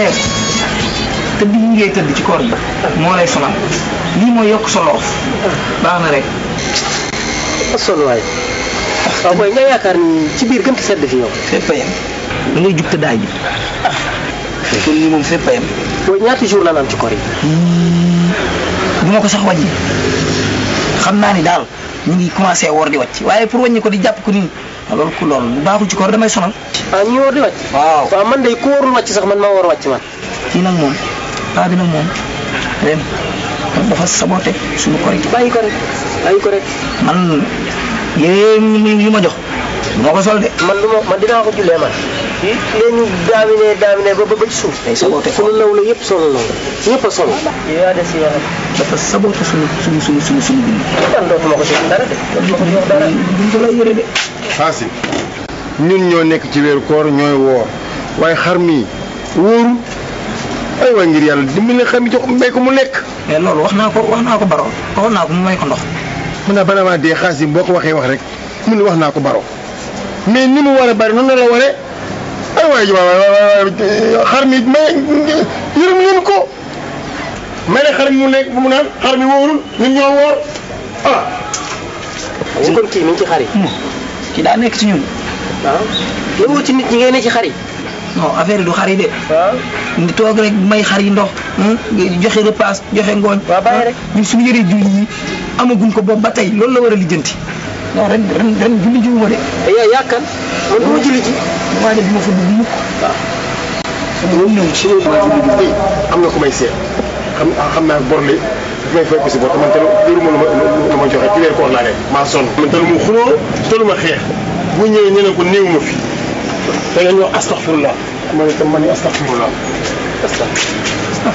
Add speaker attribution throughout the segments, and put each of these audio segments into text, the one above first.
Speaker 1: xees tëdd yi ngay tëdd ci koor gi moo lay sonal lii mooy yokk solo loof baax na rek. solo waay. booy nga yaakaar ni ci biir gën ko sedd fi yow. fépp a yem da ngay jug te daay ji. lii moom fépp a yem. booy ñaata jour la ci koor yi. Hmm. bu ma ko sax wàññi xam naa ni daal. ñu ngi commencé woor di wàcc waaye pour wàññi ko di jàpp ko nii loolu ku loolu bu baaxul ci koor damay sonal. ah ñuy woor di wàcc. waaw waaw man de ku warul sax man maa war a wàcc man. kii nag moom paa bi nag moom ren dafa saboté suñu koor yi. bàyyi ko rek bàyyi ko man yéen yu ma jox ma ko sol de. man du ma ko jullee man. léegi daamine daamine ba ba ci suuf. day saboté suñu law la yëpp solo law la ñëpp a solo. yaa des yaa dafa saboté suñu suñu suñu suñu suñu bind. man dootuma ko jox ñun ñoo nekk ci weeru koor ñooy woor waaye xar mi wóoru ay waay ngir yàlla dimbali xar mi jox may ko mu lekk. wax naa ko wax naa ko baro waxoon naa mu may ko ndox. mun naa banamaa dee xaas yi boo ko waxee wax rek mu ne wax naa ko baro mais ni mu war noonu la waree. ay waay ji may yërëm leen ko may ne xar mi mu mu naan xar mi wóorul ñun ñoo wóor ah. ci kii mi ngi ci xar yi. kii daa nekk ci ñun. waaw ah. ci nit ñi ngeen ne ci xar yi. non affaire yi du xar yi de. waaw ah. toog rek may xar yi ndox. Hmm? joxe repas joxe ngooñ. waaw bàyyi hmm? rek ñun suñu yëre julli yi amaguñ ko boobu ba tey loolu la war a lijjanti. non ren ren ren julli jiwu ma de. Eh, yow yaa man ah, du julli ji. waaw ma fa dugg mukk. waaw. Ah. loolu ñëw ci eh, am na ku may seet xam xam naa bor li daf may fekk si bor te man tamit lu ma lu ma koor laa ne maa sonn. man tamit mu xuloo tolu xeex bu ñëwee ñu ne ko néew fi da nga ñëw astaxfirullah man itam man astaxfirullah astaxfirullah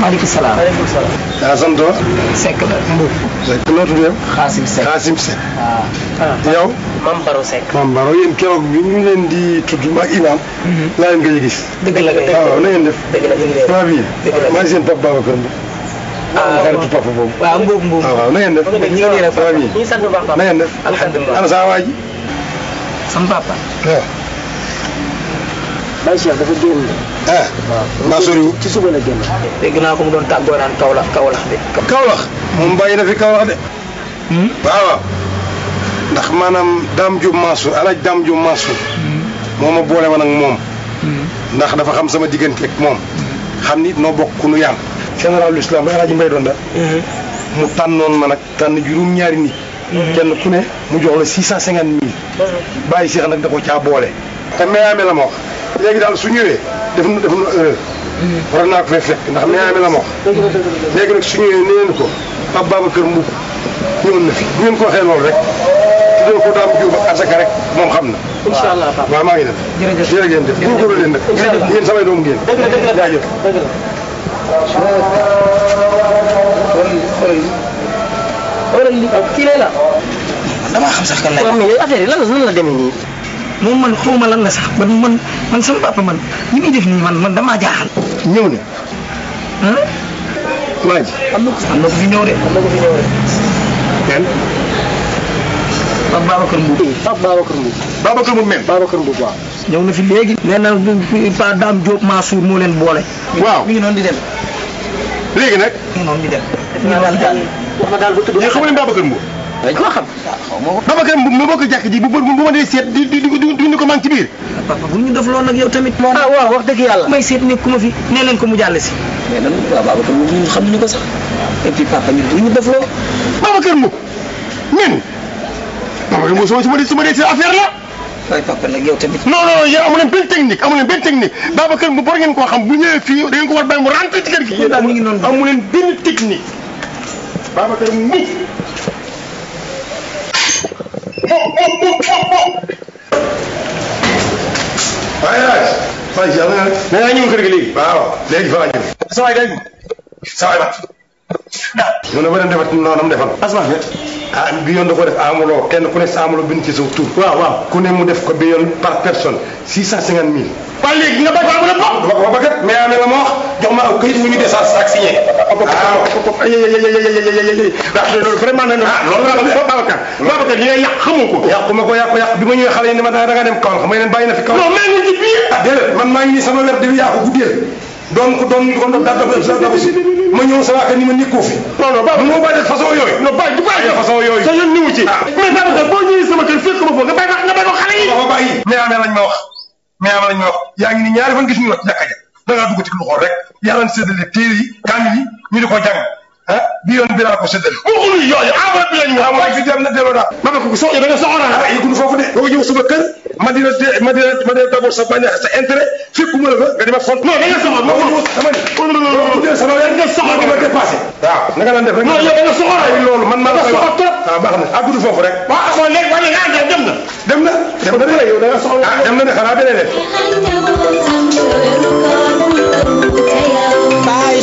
Speaker 1: maaleykum salaam. maaleykum salaam. yaa sant. Seck la Mbour. Seck noo tudd yow. Xaasim Seck Xaasim Seck. waaw. Ah. yow. Mame Baro keroog bi ñu leen di tudd ak Imaam. Mhm. laa leen gëj a gis. dëgg la kay waaw na ngeen def. dëgg la dëgg la dëgg la maa ngi seen Pape Babacar Mbour. ah xaritu papa boobu. waaw Mbour Mbour. Ah, waaw na ngeen def. ñu ngi nii rek papa ñu ngi sant ji. ah ba soriwu ci suba la génn dégg naa ko mu doon tàggoo naan kawlax kawlax de kawlax moom bàyyi na fi kawlax de waaw ndax maanaam daam ju maasu alaaj daam ju maasu moo ma boole ak moom ndax dafa xam sama diggante ak moom xam hmm. ni noo bokk nu yàlla général l'islam ba alaaj mbay doon da hmm. mu tànnoon ma nag tànn juróom ñaari nit kenn hmm. ku ne mu jox la 650 mille bàyyi seex nag da ko caa boole te meyaame la ma wax léegi daal su ñëwee def na def na erreur. waroon ko fay fekk ndax nee naa la ma wax. léegi nag ko Pape Babacar Mboup ñëwoon na fi bu ngeen ko waxee loolu rek ko daam jiw ba asaka rek moom xam na. incha allah waaw maa ngi dem. jërëjëf jërë ngeen def góorgóorlu leen nag. incha allah ngeen la dëgg la jaajëf. dëgg la. xoolal li xoolal li kii lay la. damaa xam sax kan lay wax. waaw mais affaire yi lan mo man xawma lan la sax man man man sama papa man ni mi def ni man man dama jaxal ñew ne hmm waa ji. am na ko am na ko fi ñëw de. am na ko fi ñëw de. ken babakar mu babakar mu babakar mu Babacar babakar mu Babacar ñew na fi legi neena Pa dam job masour mo len bolé waaw mi ngi noonu di dem. legi nak mi ngi noonu di dem. ñu daal dal wax na daal ba tudd. mais xamu leen dañ koo xam. waaw Babacar mu bokk jàkk ji bu bu ma dee def loolu nag yow tamit. ah waaw wax dëgg may seet nekk ku ma fi nee leen ko si. mais ko sax et puis papa ñu def loolu. Babacar moom ñun Babacar moom su ma dee su ma la. waaye papa nag yow tamit. non non yéen amu leen benn technique amu leen benn technique ngeen koo xam bu ñëwee fii da ngeen ko war a bàyyi mu rentré a kër gi. yéen daal ñu ngi noonu mu Ayaz, fay jalla. Na né? nga ñëw kër gi léegi. waaw léegi fa la jëm. sa waay não sa waay mat. não ne ma dem não noonu am defal. asma bi. ah bi não da ko def amuloo kenn ku ne não amuloo bind ci sa tur. waaw waaw ku ne mu def ko não yoon par personne six não cinquante mille. waa léegi nga bàyyi ko amul bopp. ba ba kat mais am na la ma wax jox ma aw këyit mu ñu descente ak signé. ah não não não não não não não não não não não não xamoo ko yàqu ma ko yàqu yàqu bi ma ñëwee xale yi ne ma da nga dem kaw la may leen bàyyi na fi kaw non maa ngi ci biir ah déedéet man maa ngi nii sama wer di yàqu guddeel doon ko doon ko doon dab dab si ma ñëw sama ka ni ma nekkoo fi non non baa moo bàyyi façon yooyu non bàyyi du bàyyi façon yooyu sa yoon niwu ci ah. mais daanaka boo ñëwee sama kër fekk ma foofu nga bàyyi nga bàyyi ko xale yi ma bàyyi mais amee lañ ma wax mais amee lañ ma wax yaa ngi ni ñaari fan gis ñu la jàkka ja da ngaa dugg ci lu xool rek yàlla séddale téere yi kaamil yi ñu di ko jàng ah bi yoon bi laa ko séddale. waxuñu yooyu enveloppe ah, bi la ñu. waaw fi dem na delloo daal. ma ne ko so da nga soxla dara ah, yëgul foofu de. boo ko jëm suba kër ma dina ma dina ma dina d'abord sa bañ sa intérêt fekkuma la fa nga dima font. non da nga soxla boo ko dama ni. non non non non sama da nga soxla di ma dépassé. waaw na nga daan def rek. non yow da nga soxla rek. loolu man maa la soxla trop. waaw ah, baax na àggul foofu rek. waaw kon léegi wala nga àndal dem na. dem na dem na yow da nga soxla. ah dem na de xanaa beneen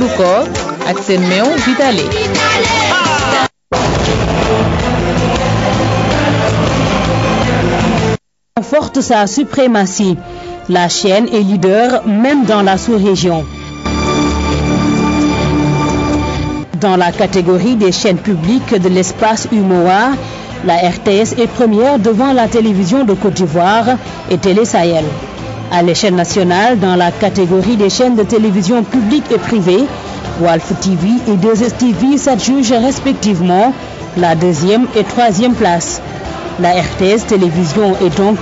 Speaker 1: weeru ak seen sa suprématie la chaîne est leader même dans la sous-région dans la catégorie des chaînes publiques de l'espace UMOA la RTS est première devant la télévision de Côte d'Ivoire et Télé Sahel à l'échelle nationale dans la catégorie des chaînes de télévision publiques et privées. Walf TV et 2 TV s'adjugent respectivement la deuxième et troisième place. La RTS Télévision est donc